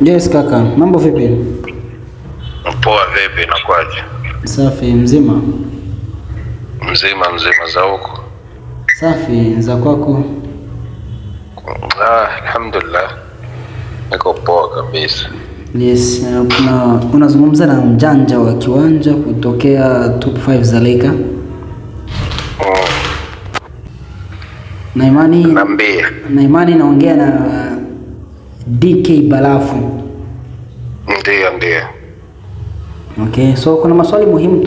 Yes kaka, mambo vipi? Poa, vipi nakwaje? Safi, mzima mzima mzima. Za huko safi, za kwako? Ah, alhamdulillah, niko poa kabisa. Yes, kuna unazungumza na mjanja wa kiwanja kutokea top 5 za Leka. Oh. Naimani, Na imani naongea na DK Barafu. Ndio, ndio. Okay, so kuna maswali muhimu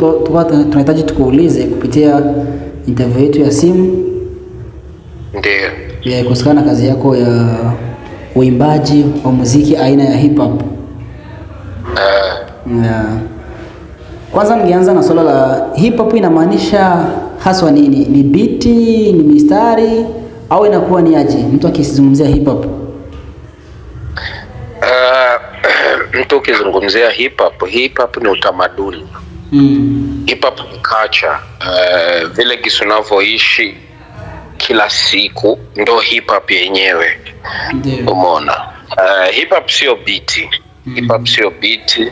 tunahitaji tukuulize kupitia interview yetu ya simu. Ndio. Yeah, kuhusiana na kazi yako ya uimbaji wa muziki aina ya hip hop. Uh. Eh. Yeah. Kwanza ningeanza na swala la hip hop inamaanisha haswa nini? Ni biti, ni mistari au inakuwa ni aje mtu akizungumzia hip hop? mtu ukizungumzia hip hop, hip hop ni utamaduni mm. Hip hop ni culture uh, vile gisi unavyoishi kila siku ndo hip hop yenyewe yeah. Umeona uh, hip hop sio biti mm. Hip hop sio biti,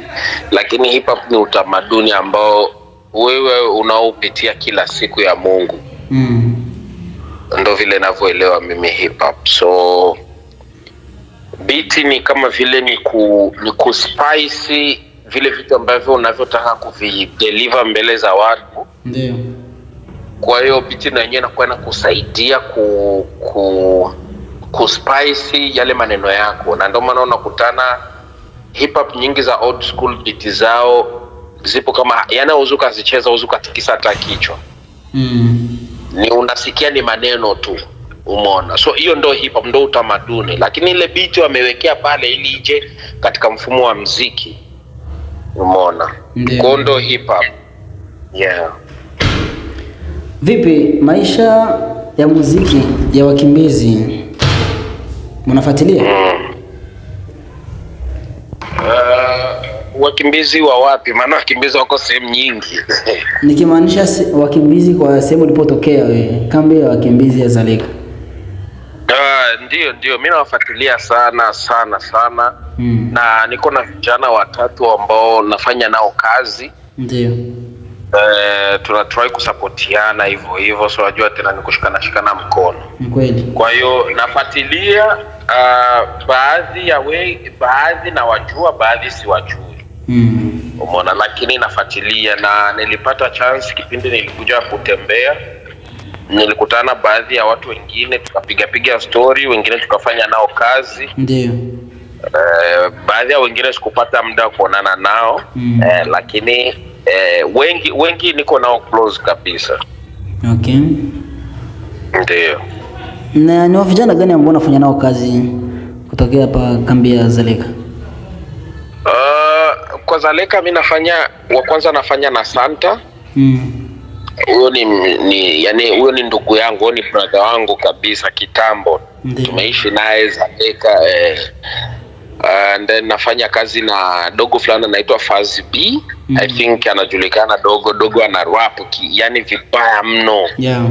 lakini hip hop ni utamaduni ambao wewe unaopitia kila siku ya Mungu mm. Ndo vile navyoelewa mimi hip hop so Biti ni kama vile ni ku ni kuspice vile vitu ambavyo unavyotaka kuvideliver mbele za watu, ndio. Kwa hiyo biti na yenyewe inakuwa inakusaidia ku, ku kuspice yale maneno yako, na ndio maana unakutana hip hop nyingi za old school biti zao zipo kama yana uzuka zicheza uzuka tikisa hata kichwa mm. Ni unasikia ni maneno tu Umeona, so hiyo ndo hip hop, ndo utamaduni, lakini ile beat wamewekea pale ili ije katika mfumo wa mziki. Umeona, kwa ndo hip hop yeah. Vipi maisha ya muziki ya wakimbizi mnafuatilia? mm. Uh, wakimbizi wa wapi? Maana wakimbizi wako sehemu nyingi nikimaanisha wakimbizi kwa sehemu ulipotokea wewe, kambi ya wakimbizi ya Dzaleka ndio, ndio, mi nawafuatilia sana sana sana mm. na niko na vijana watatu ambao nafanya nao kazi ndio. Eh, tunatrai kusapotiana hivyo hivyo, so najua tena ni kushikana shikana mkono kweli. Kwa hiyo nafuatilia uh, baadhi ya we, baadhi nawajua, baadhi siwajui mm. Umeona, lakini nafuatilia na nilipata chance kipindi nilikuja kutembea nilikutana baadhi ya watu wengine, tukapigapiga stori, wengine tukafanya nao kazi ndio. Uh, baadhi ya wengine sikupata muda wa kuonana nao mm. Uh, lakini uh, wengi wengi niko nao close kabisa. Okay, ndio. Na ni vijana gani ambao unafanya nao kazi kutokea hapa kambi ya Zaleka? Uh, kwa Zaleka mi nafanya wa kwanza nafanya na Santa mm huyo ni, ni yani huyo ni ndugu yangu, huyo ni brother wangu kabisa kitambo. Ndiyo. Tumeishi naye Zameka eh, uh, then nafanya kazi na dogo fulani anaitwa Fazi B. Mm -hmm. I think anajulikana dogo dogo, ana rap yani vibaya mno. Yeah.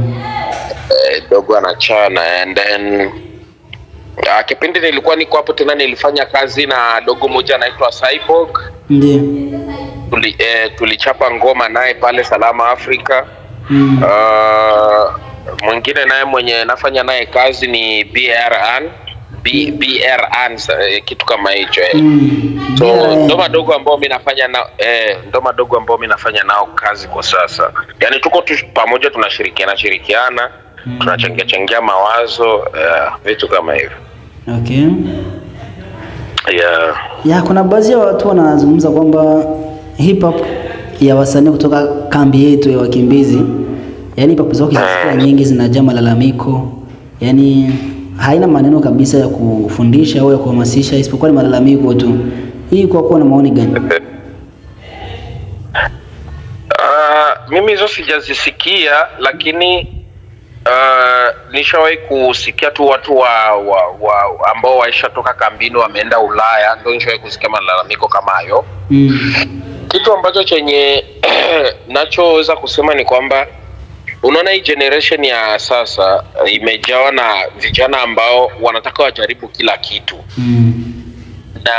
Eh, dogo anachana and then Uh, kipindi nilikuwa niko hapo tena nilifanya kazi na dogo moja anaitwa Cyborg. Ndiyo. Tuli, eh, tulichapa ngoma naye pale Salama Afrika. Mm. Uh, mwingine naye mwenye nafanya naye kazi ni BRN. B, BRN eh, kitu kama hicho eh. Mm. So yeah. ndo madogo ambao mimi nafanya na eh, ndo madogo ambao mimi nafanya nao kazi kwa sasa. Yaani tuko tu pamoja tunashirikiana shirikiana, Mm. tunachangia changia mawazo eh, vitu kama hivyo. Okay. Yeah. Yeah, kuna baadhi ya watu wanazungumza kwamba hip hop ya wasanii kutoka kambi yetu ya wakimbizi, yani hip hop zao kisikia mm. nyingi zinajaa malalamiko, yani haina maneno kabisa ya kufundisha au ya kuhamasisha isipokuwa ni malalamiko tu. Hii kwa kuwa na maoni gani? Uh, mimi hizo sijazisikia lakini nishawahi kusikia tu watu wa, wa, wa ambao waishatoka kambini wameenda Ulaya, ndio nishawahi kusikia malalamiko kama hayo mm. Kitu ambacho chenye nachoweza kusema ni kwamba unaona hii generation ya sasa eh, imejawa na vijana ambao wanataka wajaribu kila kitu mm. na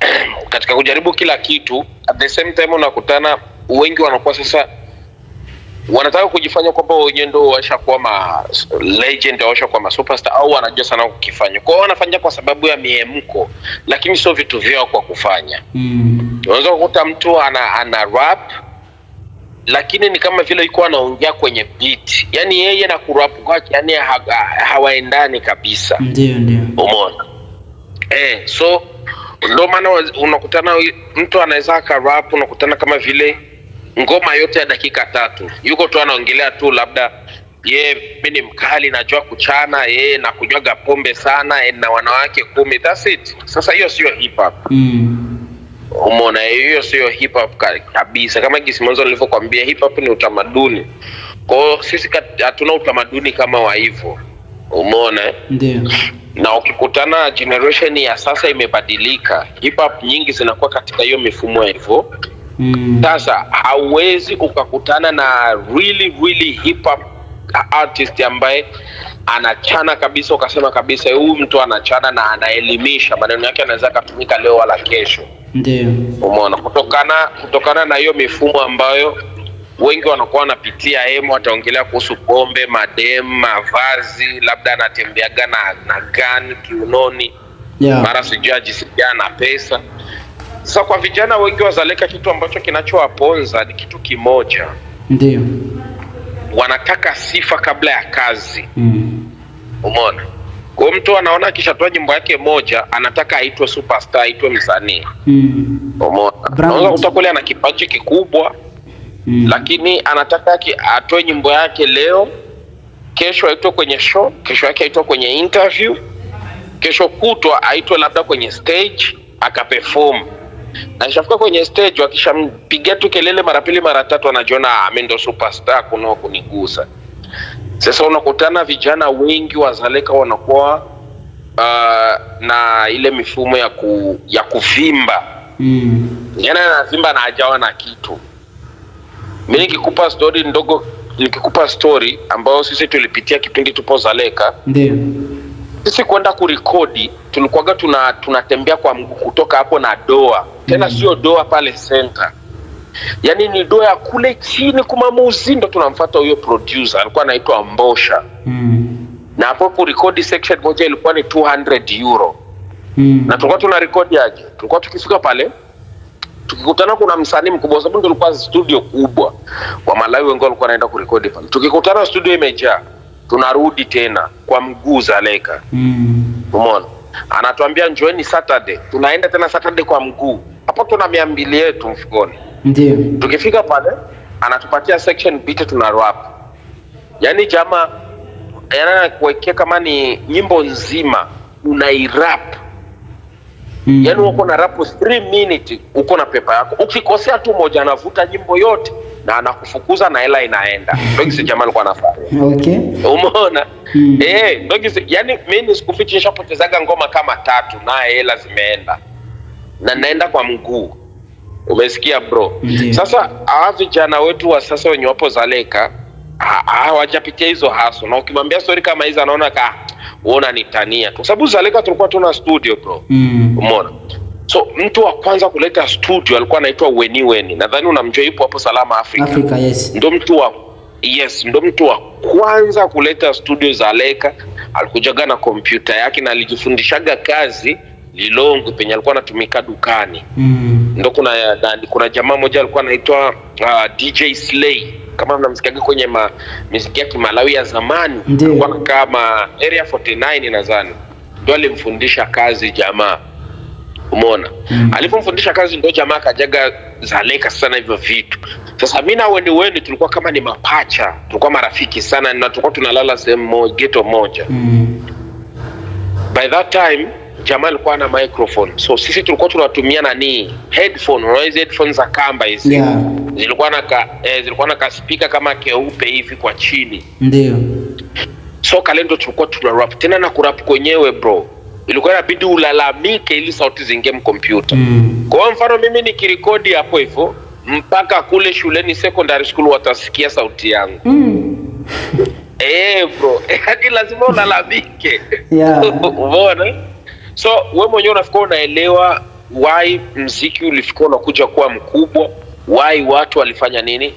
katika kujaribu kila kitu at the same time unakutana wengi wanakuwa sasa wanataka kujifanya kwamba wenyewe ndio washakuwa ma legend washakuwa ma superstar au wanajua sana kukifanya kwao, wanafanya kwa sababu ya miemko, lakini sio vitu vyao kwa kufanya. Mm. Unaweza kukuta mtu ana, ana rap lakini ni kama vile yuko anaongea kwenye beat, yani yeye na kurap kwake yani ha, ha, hawaendani kabisa. Ndio, ndio umeona eh, so ndio maana unakutana mtu anaweza akarap, unakutana kama vile ngoma yote ya dakika tatu, yuko tu anaongelea tu labda ye mi ni mkali, najua kuchana ye na kunywaga pombe sana ye, na wanawake kumi. That's it. Sasa hiyo siyo hip hop mm. umona hiyo siyo hip hop kabisa. Kama gisi mwanzo nilivyokuambia, hip hop ni utamaduni. Kwa sisi hatuna utamaduni kama wa hivyo, umona eh? na ukikutana generation ya sasa imebadilika, hip hop nyingi zinakuwa katika hiyo mifumo hivyo Hmm. Sasa hauwezi ukakutana na really, really hip hop artist ambaye anachana kabisa ukasema kabisa huyu mtu anachana na anaelimisha, maneno yake anaweza akatumika leo wala kesho. Ndio umeona, kutokana kutokana na hiyo mifumo ambayo wengi wanakuwa wanapitia. hemo ataongelea kuhusu pombe, madem, mavazi, labda anatembeaga na, na gani kiunoni, yeah. mara sijui ajisikia na pesa sasa kwa vijana wengi wazaleka, kitu ambacho kinachowaponza ni kitu kimoja, ndio wanataka sifa kabla ya kazi mm. Umeona, kwa mtu anaona akishatoa nyimbo yake moja anataka aitwe superstar, aitwe msanii mm. Umeona, utakule ana kipaji kikubwa mm. lakini anataka atoe nyimbo yake leo, kesho aitwe kwenye show, kesho yake aitwe kwenye interview, kesho kutwa aitwe labda kwenye stage akaperform na ishafika kwenye stage, wakishampigia tu kelele mara pili mara tatu, anajiona ah, mimi ndo superstar, kuna kunigusa. Sasa unakutana vijana wengi wazaleka wanakuwa uh, na ile mifumo ya, ku, ya kuvimba mm. anavimba na ajawa na kitu. Mimi nikikupa story ndogo, nikikupa story ambayo sisi tulipitia kipindi tupo Zaleka, ndio sisi kwenda kurekodi tulikuwaga tuna tunatembea kwa mguu kutoka hapo na doa tena, mm. sio doa pale center, yaani ni doa ya kule chini kumamuzi, ndo tunamfata huyo producer alikuwa anaitwa Mbosha mm. na hapo kurekodi section moja ilikuwa ni 200 euro mm. na tulikuwa tuna rekodi aje, tulikuwa tukifika pale tukikutana kuna msanii mkubwa, sababu ndo ilikuwa studio kubwa, malawi wengi walikuwa wanaenda kurekodi pale. Tukikutana studio imejaa tunarudi tena kwa mguu Dzaleka. Mm. Umeona, anatuambia njoeni Saturday, tunaenda tena Saturday kwa mguu. Hapo tuna mia mbili yetu mfukoni, ndio tukifika pale anatupatia section bite, tuna rap. Yani jamaa yanakuwekea yaani kama ni nyimbo nzima unairap yaani mm. Yani uko na rap 3 minutes, uko na pepa yako, ukikosea tu moja anavuta nyimbo yote na anakufukuza na hela inaenda. Ndio kisi jamaa alikuwa anafanya. Okay. Umeona? Mm. Eh, ndio kisi yani mimi nisikufiche nishapotezaga ngoma kama tatu na hela zimeenda. Na naenda kwa mguu. Umesikia bro? Yeah. Sasa hawa vijana wetu wa sasa wenye wapo Dzaleka hawajapitia hizo haso, na ukimwambia story kama hizo anaona ka ah, uona nitania, kwa sababu Zaleka tulikuwa tuna studio bro. Mm. Umeona? So mtu wa kwanza kuleta studio alikuwa anaitwa Weni Weni, nadhani unamjua, yupo hapo Salama Afrika, Afrika yes. Ndo mtu wa yes, ndo mtu wa kwanza kuleta studio za Leka. Alikujaga na kompyuta yake na alijifundishaga kazi Lilongwe penye alikuwa anatumika dukani mm. Ndo kuna na, kuna jamaa moja alikuwa anaitwa uh, ah, DJ Slay kama mnamsikiaga kwenye ma, miziki ya Kimalawi ya zamani, alikuwa kama Area 49 nadhani, ndo alimfundisha kazi jamaa Umeona? Mm. Alipomfundisha kazi ndo jamaa kajaga zaleka sana hivyo vitu. Sasa mimi na Weni Weni tulikuwa kama ni mapacha, tulikuwa marafiki sana na tulikuwa tunalala sehemu moja, ghetto moja. Mm. By that time jamaa alikuwa na microphone. So sisi tulikuwa tunatumia nani? Headphone, unaona hizo headphone za kamba hizi. Yeah. Zilikuwa na ka, eh, zilikuwa na kaspika kama keupe hivi kwa chini. Ndio. So kalendo tulikuwa tuna rap tena na kurap kwenyewe bro ilikuwa inabidi ulalamike ili sauti zingie mkompyuta mm. Kwa mfano mimi nikirekodi hapo hivyo mpaka kule shuleni secondary school watasikia sauti yangu mm. Eh bro, yaani lazima ulalamike yeah. So we mwenyewe unafikwa unaelewa why mziki ulifikwa unakuja kuwa mkubwa, why watu walifanya nini,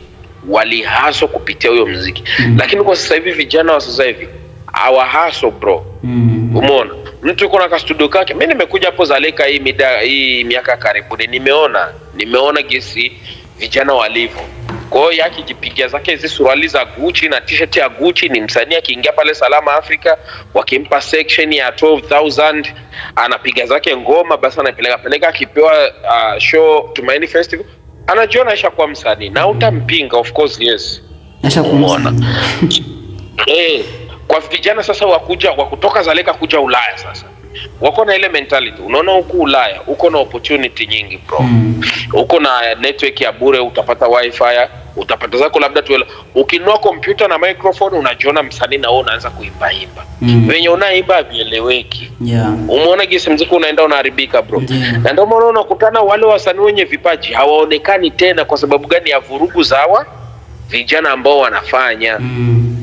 walihaso kupitia huyo mziki mm. Lakini kwa sasa hivi vijana wa sasa hivi hawahaso bro mm. Umeona? mtu yuko na kastudio kake. Mimi nimekuja hapo Zaleka hii mida hii miaka karibuni, nimeona nimeona gesi vijana walivyo. Kwa hiyo jipigia zake hizi suruali za Gucci na t-shirt ya Gucci, ni msanii akiingia pale Salama Afrika, wakimpa section ya 12000 anapiga zake ngoma, basi anapeleka peleka, akipewa uh, show Tumaini Festival anajiona aisha kuwa msanii na utampinga, of course yes, aisha kuwa eh kwa vijana sasa wakuja wa kutoka Zaleka kuja Ulaya sasa wako na ile mentality. Unaona, huku Ulaya uko na opportunity nyingi bro, hmm. uko na network ya bure, utapata wifi, utapata zako labda tu ukinua kompyuta na microphone, unajiona msanii na wewe unaanza kuimbaimba mm. Venye unaimba vieleweki yeah. Umeona gisi mziki unaenda unaharibika bro yeah. Na ndio maana unakutana wale wasanii wenye vipaji hawaonekani tena. Kwa sababu gani? Ya vurugu zawa vijana ambao wanafanya mm.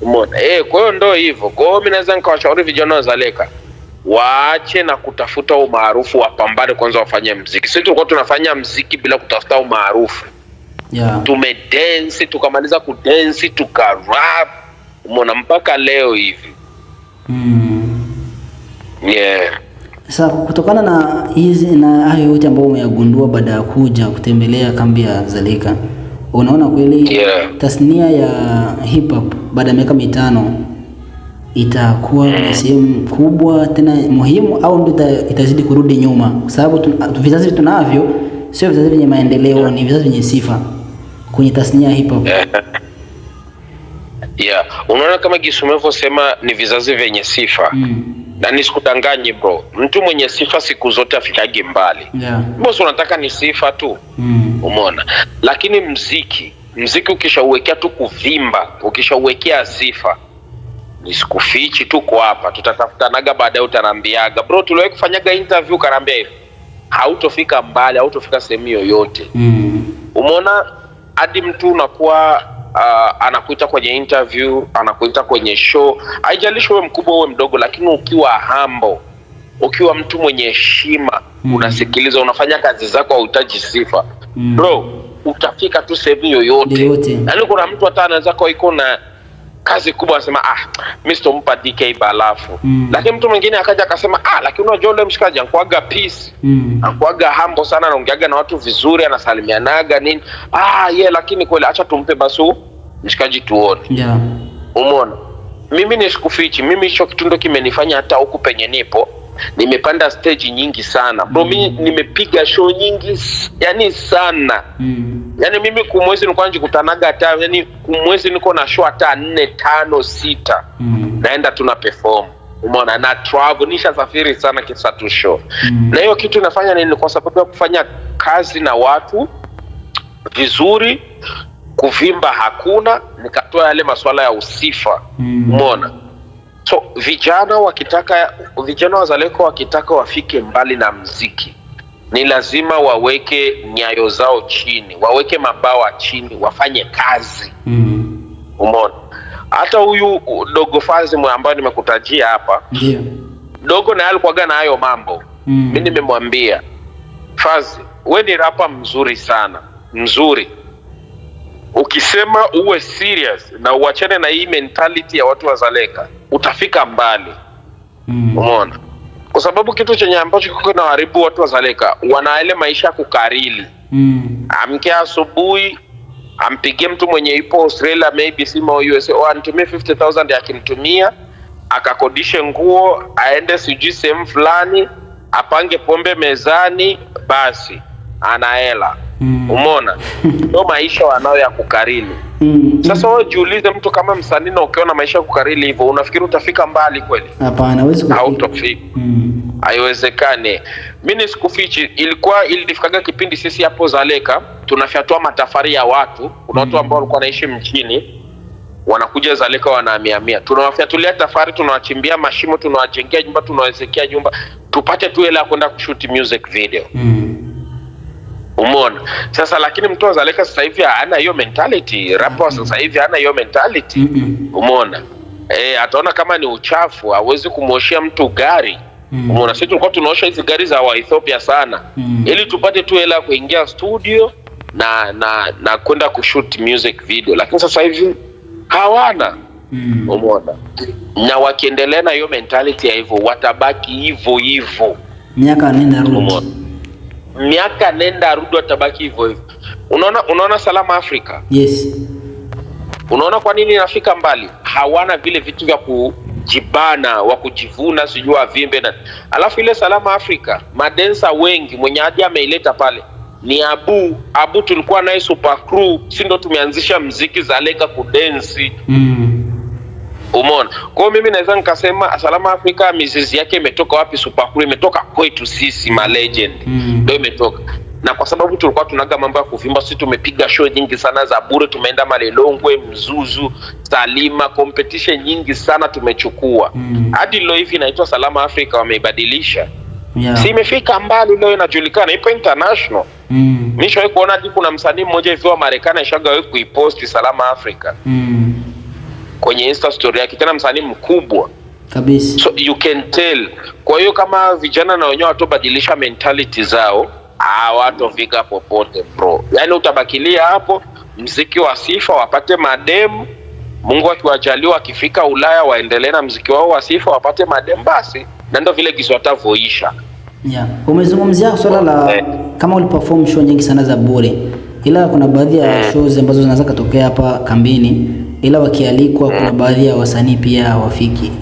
Umeona? Eh, kwa hiyo ndio hivyo. Kwa hiyo mimi naweza nikawashauri vijana wazaleka waache na kutafuta umaarufu, wapambane kwanza, wafanye mziki. Sisi tulikuwa tunafanya mziki bila kutafuta umaarufu yeah. dance tukamaliza kudensi, rap, umeona, mpaka leo hivi mm. yeah. Sasa kutokana na hizi na hayo yote ambayo umeyagundua baada ya kuja kutembelea kambi ya Zaleka Unaona kweli yeah. Tasnia ya hip hop baada ya miaka mitano itakuwa mm. sehemu kubwa tena muhimu, au ndio itazidi kurudi nyuma? Kwa sababu vizazi tunavyo sio vizazi vyenye maendeleo yeah. Ni vizazi vyenye sifa kwenye tasnia ya hip hop yeah. Yeah. Unaona kama Gisumevo sema ni vizazi vyenye sifa mm na nisikudanganye bro, mtu mwenye sifa siku zote afikagi mbali yeah. Bosi, unataka ni sifa tu mm. Umeona, lakini mziki mziki ukishauwekea tu kuvimba, ukishauwekea sifa ni sikufichi, tuko hapa, tutatafutanaga baadaye, utanambiaga bro, tuliwahi kufanyaga interview ukanaambia hivi, hautofika mbali, hautofika sehemu yoyote mm. Umeona, hadi mtu unakuwa uh, anakuita kwenye interview, anakuita kwenye show, haijalishi wewe mkubwa uwe mdogo, lakini ukiwa hambo, ukiwa mtu mwenye heshima mm. unasikiliza, unafanya kazi zako, hautaji sifa mm. bro, utafika tu sehemu yoyote, yaani kuna mtu hata anaweza kuwa iko na kazi kubwa, anasema ah, mimi sitompa DK balafu mm. Lakini mtu mwingine akaja akasema ah, lakini unajua yule mshikaji ankuaga peace mm. ankuaga hambo sana, anaongeaga na watu vizuri, anasalimianaga nini ah, ye yeah, lakini kweli, acha tumpe basi mshikaji tuone, yeah. Umeona, mimi nisikufichi, mimi hicho kitu ndo kimenifanya hata huku penye nipo nimepanda stage nyingi sana bro, mi mm. nimepiga show nyingi yani sana mm. Yani mimi kumwezi nilikuwa nikutanaga hata yani kumwezi niko na show hata nne tano sita mm. naenda tuna perform umeona, na travel nisha safiri sana kisa tu show mm. na hiyo kitu inafanya nini? Kwa sababu ya kufanya kazi na watu vizuri, kuvimba hakuna, nikatoa yale masuala ya usifa mm. umeona mm. So vijana wakitaka, vijana wazaleko wakitaka wafike mbali na mziki, ni lazima waweke nyayo zao chini, waweke mabawa chini, wafanye kazi mm. Umeona, hata huyu dogo fazi ambayo nimekutajia hapa yeah. Dogo naye alikuwaga na hayo mambo mm. Mm-hmm. Mi nimemwambia Fazi, we ni rapa mzuri sana mzuri ukisema uwe serious na uachane na hii mentality ya watu wazaleka utafika mbali mm. Umeona, kwa sababu kitu chenye ambacho haribu watu wa wana ile maisha ya kukarili mm. Amke asubuhi ampigie mtu mwenye ipo Australia maybe sima USA antumie 50000 akimtumia akakodishe nguo aende sijui sehemu fulani apange pombe mezani, basi anaela Mm. umona Ndio maisha wanayo ya kukarili. Mm. Sasa wewe jiulize, mtu kama msanii na ukiona maisha ya kukarili hivyo, unafikiri utafika mbali kweli? Hapana, huwezi kufika. Hautafika. Mm. Haiwezekani. Mimi sikufichi, ilikuwa ilifikaga kipindi sisi hapo Zaleka tunafyatua matafari ya watu, kuna watu mm. ambao walikuwa wanaishi mchini wanakuja Zaleka wanaamiamia, tunawafyatulia tafari, tunawachimbia mashimo, tunawajengea nyumba, tunawawezekea nyumba tupate tu hela ya kwenda kushuti music video. Mm umona sasa, lakini mtu Leka sasa hivi hana hiyo mentality, rapa sasa hivi hana hiyo mentality umona -mm. E, ataona kama ni uchafu, hawezi kumwoshea mtu gari mm. Umeona sisi tulikuwa tunaosha hizi gari za wa Ethiopia sana mm. ili tupate tu hela kuingia studio na na na kwenda kushoot music video, lakini sasa hivi hawana mm. Umeona, na wakiendelea na hiyo mentality ya hivyo watabaki hivyo hivyo miaka nenda rudi miaka nenda rudi watabaki hivyo hivyo. Unaona, unaona Salama Afrika. Yes. Unaona kwa nini inafika mbali? Hawana vile vitu vya kujibana wa kujivuna, sijui vimbe na alafu ile Salama Afrika, madensa wengi mwenye hadi ameileta pale ni Abu Abu, tulikuwa naye Super Crew, si ndo tumeanzisha mziki za lega kudensi mm. Umeona? Kwa hiyo mimi naweza nikasema Salama Afrika mizizi yake imetoka wapi? Super Supakuli imetoka kwetu sisi ma legend mm. ndio mm. imetoka na kwa sababu tulikuwa tunaga mambo ya kuvimba, sisi tumepiga show nyingi sana za bure, tumeenda Malelongwe, Mzuzu, Salima, competition nyingi sana tumechukua mm. hadi mm. leo hivi inaitwa Salama Afrika wameibadilisha yeah. si imefika mbali leo, inajulikana ipo international mm. shawahi kuona hadi kuna msanii mmoja hivi wa Marekani ashagawahi kuiposti Salama Africa mm kwenye insta story yake, tena msanii mkubwa kabisa, so you can tell. Kwa hiyo kama vijana na wenyewe watobadilisha mentality zao, hawatofika popote bro, yani utabakilia hapo mziki wa sifa, wapate mademu Mungu akiwajaliwa akifika Ulaya waendelee na mziki wao wa sifa wapate madem basi, na ndio vile kiswatavoisha. Yeah. Umezungumzia swala la eh. kama uliperform show nyingi sana za bure, ila kuna baadhi ya eh, shows ambazo zinaweza katokea hapa kambini ila wakialikwa, mm. kuna baadhi ya wasanii pia wafiki,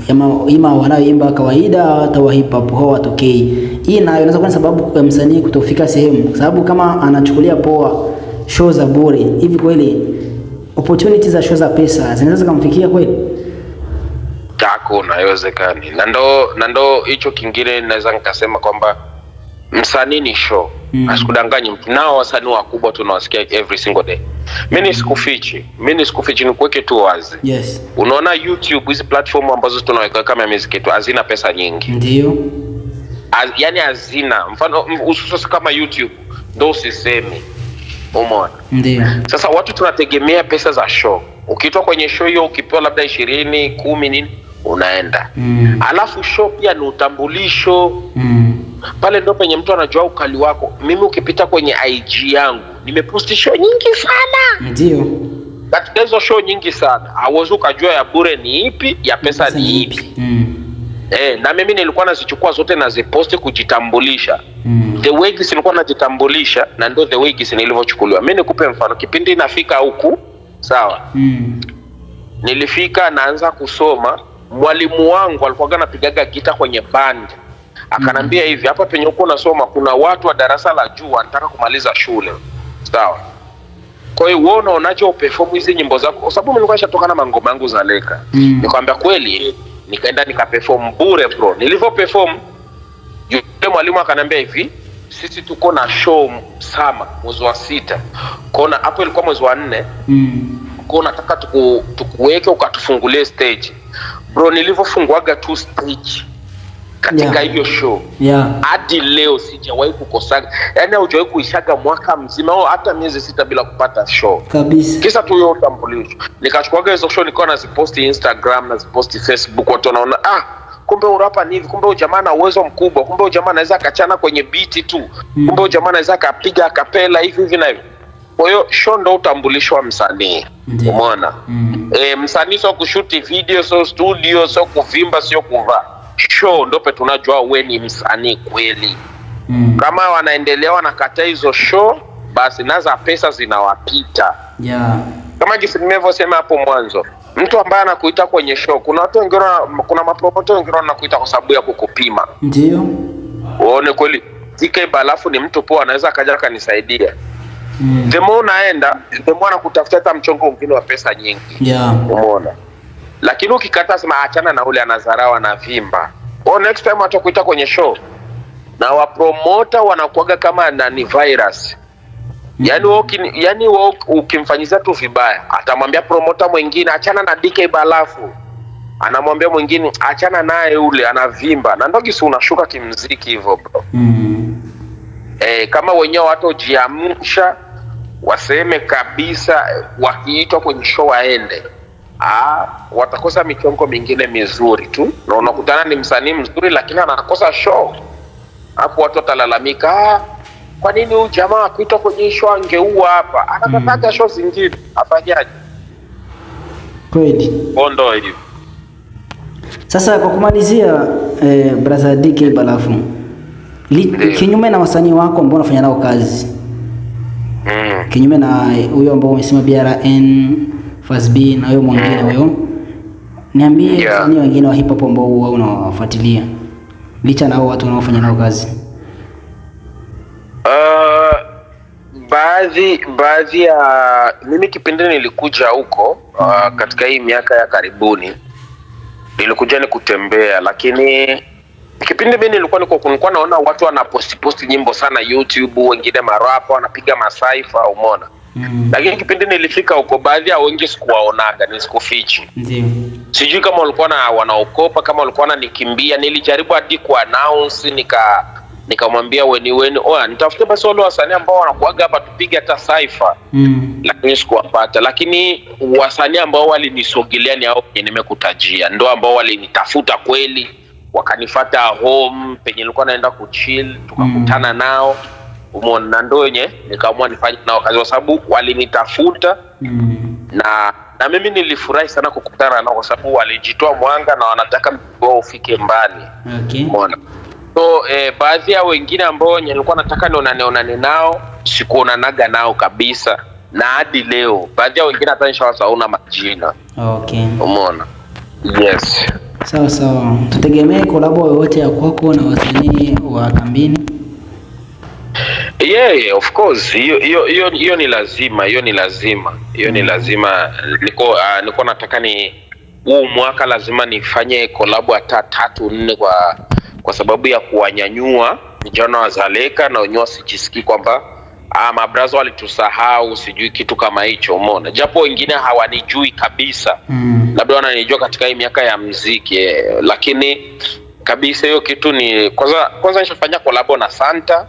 ima wanaoimba kawaida hata wa hip hop hao watokei. Hii nayo inaweza kuwa sababu kwa msanii kutofika sehemu, kwa sababu kama anachukulia poa show za bure hivi, kweli opportunities za show za pesa zinaweza zikamfikia kweli? Tako, haiwezekani na ndo na ndo hicho kingine naweza nikasema kwamba msanii ni show mm. Asikudanganyi mtu, nao wasanii wakubwa tunawasikia every single day. Mimi mm. sikufichi, mimi sikufichi, nikuweke tu wazi. Yes, unaona YouTube, hizi platform ambazo tunaweka kama music yetu hazina pesa nyingi, ndio Az, yani hazina mfano hususan kama YouTube ndo usisemi, umeona? Ndio sasa watu tunategemea pesa za show. Ukitoa kwenye show hiyo ukipewa labda ishirini kumi nini unaenda mm. Alafu show pia ni utambulisho mm pale ndo penye mtu anajua ukali wako. Mimi ukipita kwenye IG yangu nimeposti show nyingi sana, ndio katika hizo show nyingi sana hauwezi ukajua ya bure ni ipi, ya pesa, ni ipi mm. Eh, na mimi nilikuwa nazichukua zote naziposti kujitambulisha mm. The way nilikuwa najitambulisha na ndio the way nilivyochukuliwa. Mimi nikupe mfano, kipindi nafika huku sawa mm. Nilifika naanza kusoma, mwalimu wangu alikuwa anapigaga gita kwenye band akanambia mm -hmm. hivi hapa penye uko nasoma kuna watu wa darasa la juu wanataka kumaliza shule, sawa? Kwa hiyo wewe unaonacho perform hizi nyimbo zako, kwa sababu nilikuwa nishatoka na mangoma yangu za leka mm -hmm. nikamwambia kweli, nikaenda nikaperform bure bro. Nilivyo perform yule mwalimu akanambia hivi, sisi tuko na show sama mwezi wa sita, kona hapo ilikuwa mwezi wa nne mm -hmm. kwa nataka tuku, tukuweke ukatufungulie stage bro. Nilivyofunguaga tu stage katika hiyo yeah. show hadi yeah. leo sijawahi kukosaga, yaani haujawahi kuishaga mwaka mzima au hata miezi sita bila kupata show kabisa, kisa tu hiyo utambulisho. Nikachukuaga hizo show nikawa naziposti Instagram, naziposti Facebook, watu wanaona ah, kumbe urapa ni hivi, kumbe ujamaa na uwezo mkubwa, kumbe ujamaa anaweza akachana kwenye biti tu mm. kumbe ujamaa anaweza akapiga akapela hivi hivi na hivi. Kwa hiyo show ndo utambulisho wa msanii umeona mm. E, msanii sio kushuti video, sio studio, sio kuvimba, sio kuvaa show ndope tunajua we ni msanii kweli. Mm. Kama wanaendelea wanakataa hizo show, basi naza pesa zinawapita. Yeah. Kama jinsi nimevyosema hapo mwanzo, mtu ambaye anakuita kwenye show, kuna watu wengine, kuna mapromoto wengine wanakuita kwa sababu ya kukupima, ndio uone kweli TK Balafu ni mtu poa, anaweza akaja akanisaidia. Mm. The unaenda the anakutafuta hata mchongo mwingine wa pesa nyingi. Yeah. Umeona? lakini ukikataa, sema achana na ule anazarau anavimba. Oh, next time watakuita kwenye show na wapromota wanakuaga kama nani virus yani, yaani yani ukimfanyiza tu vibaya atamwambia promota mwingine achana na DK Balafu, anamwambia mwingine achana naye ule anavimba, na ndogi si unashuka kimziki hivyo bro. mm -hmm. E, kama wenyewe watojiamsha waseme kabisa, wakiitwa kwenye show waende Aa, ah, watakosa michongo mingine mizuri tu, na unakutana ni msanii mzuri lakini anakosa show. Hapo watu watalalamika, ah, kwa nini huyu jamaa akuitwa kwenye show angeua hapa, anakataga mm. show zingine, afanyaje? Kweli bondo hiyo. Sasa kwa kumalizia, eh, brother DK Balafu, kinyume na wasanii wako ambao unafanya nao kazi mm. kinyume na eh, huyo ambao umesema BRN B na huyo mwingine mm. huyo. Niambie wasanii wengine wa hip hop ambao wewe unawafuatilia licha na watu wanaofanya nao kazi. Uh, baadhi baadhi ya mimi kipindi nilikuja huko uh, mm. katika hii miaka ya karibuni nilikuja ni kutembea, lakini kipindi mimi nilikuwa niko nilikuwa naona watu wanaposti posti nyimbo sana YouTube, wengine marapa wanapiga masaifa, umeona mm. Lakini kipindi nilifika huko, baadhi ya wengi sikuwaonaga, ni Ndio sijui kama walikuwa na wanaokopa kama walikuwa nanikimbia. Nilijaribu hadi ku announce nika nikamwambia weni weni, oa nitafute basi wale wasanii ambao wanakuaga hapa tupige hata saifa mm. Lakini sikuwapata, lakini wasanii ambao walinisogelea ni hao wenye nimekutajia, ndo ambao walinitafuta kweli, wakanifata home penye nilikuwa naenda kuchill, tukakutana mm. nao umeona, na ndo yenye nikaamua nifanye nao kazi kwa sababu walinitafuta mm. na na mimi nilifurahi sana kukutana nao kwa sababu walijitoa mwanga na wanataka mzigo wao ufike mbali. Okay. So eh, baadhi ya wengine ambao nilikuwa nataka nionane onane nao sikuonanaga nao kabisa na hadi leo, baadhi ya wengine hata nishawasaona majina. Okay. Umeona. Yes. Sawa sawa, tutegemee kolabo yoyote ya kwako na wasanii wa kambini? yeah, yeah, of course hiyo hiyo ni lazima, hiyo ni lazima, hiyo ni mm. lazima. Niko uh, niko nataka ni huu mwaka lazima nifanye kolabo hata tatu nne, kwa kwa sababu ya kuwanyanyua vijana wa Dzaleka na wenyewe wasijisikii kwamba ah, mabrazo walitusahau, sijui kitu kama hicho. Umeona, japo wengine hawanijui kabisa mm. labda wananijua katika hii miaka ya mziki, eh, lakini kabisa hiyo kitu ni kwanza kwanza nishafanya kolabo na Santa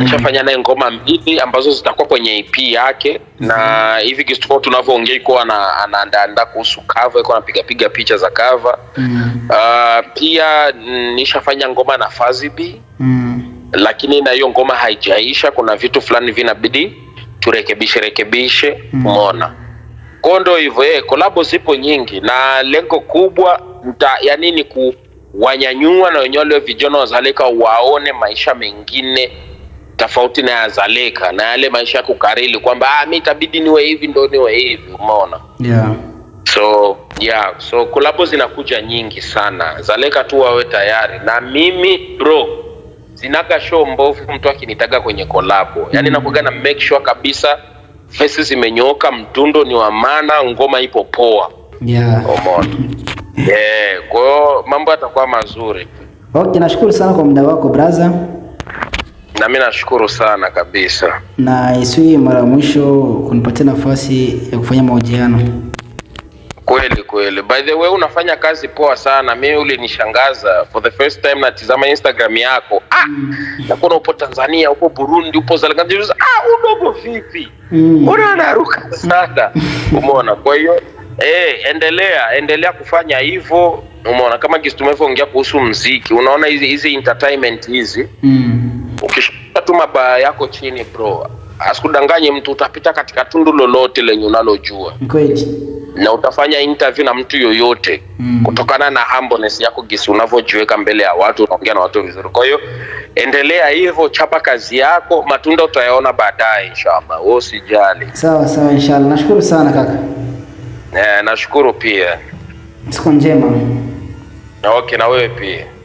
mm. naye ngoma mbili ambazo zitakuwa kwenye EP yake mm. na hivi kitu tunavyoongea iko anaandaandaa kuhusu cover, iko anapigapiga picha za cover mm. uh, pia nishafanya ngoma na Fazibi mm. Mm-hmm. lakini na hiyo ngoma haijaisha, kuna vitu fulani vinabidi turekebishe rekebishe, umeona mm. Kwa ndo hivyo eh, kolabo zipo nyingi na lengo kubwa nta, yani ni kuwanyanyua na wenyewe leo vijana wazalika waone maisha mengine tofauti na yazaleka na yale maisha ya kukarili kwamba ah, mi itabidi niwe hivi ndo niwe hivi, umeona yeah. So yeah, so kolabo zinakuja nyingi sana, zaleka tu wawe tayari. Na mimi bro, zinaga show mbovu mtu akinitaga kwenye kolabo, yani mm. nakuaga na make sure kabisa faces zimenyooka, mtundo ni wa maana, ngoma ipo poa yeah. Umeona yeah, kwa mambo yatakuwa mazuri. Okay, nashukuru sana kwa muda wako brother. Na mimi nashukuru sana kabisa. Na isi mara ya mwisho kunipatia nafasi ya kufanya mahojiano. Kweli kweli. By the way, unafanya kazi poa sana. Mimi ulinishangaza for the first time, natizama Instagram yako ah, mm. Nakuona upo Tanzania, upo Burundi, upo Zalanganyuza. Ah, udogo vipi? Mm. Mbona mm. anaruka sana umeona? Kwa hiyo eh, endelea endelea kufanya hivyo umeona, kama kitu tumevyoongea kuhusu mziki, unaona hizi hizi entertainment hizi mm ukishika tu mabaya yako chini bro, asikudanganye mtu, utapita katika tundu lolote lenye unalojua kweli na utafanya interview na mtu yoyote mm. Kutokana na humbleness yako gisi unavyojiweka mbele ya watu, unaongea na watu vizuri. Kwa hiyo endelea hivyo, chapa kazi yako, matunda utayaona baadaye inshallah. Wewe usijali. Sawa sawa, inshallah. Nashukuru sana kaka. Eh, nashukuru pia. Siku njema. Okay, na wewe pia.